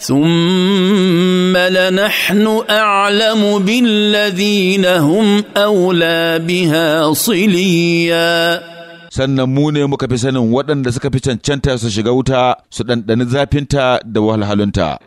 ثم لنحن اعلم بالذين هم اولى بها صليا sannan mu ne muka fi sanin waɗanda suka fi cancanta su shiga wuta su ɗanɗani zafinta da wahalhalunta